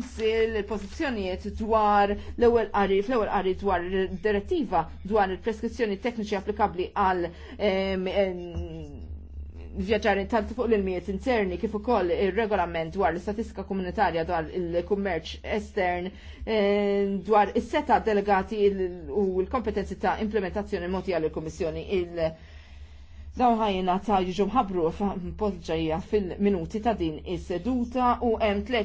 tfissil il-pożizzjonijiet dwar l-ewwel qari fl-ewwel qari dwar direttiva dwar il-preskrizzjoni tekniċi applikabbli għal vjaġġar tal fuq l miet interni kif ukoll ir-regolament dwar l-istatistika komunitarja dwar il-kummerċ estern dwar is-seta delegati u l-kompetenzi ta' implementazzjoni moti il kummissjoni il Daw ħajna ta' jiġu mħabru fil-minuti ta' din is-seduta u hemm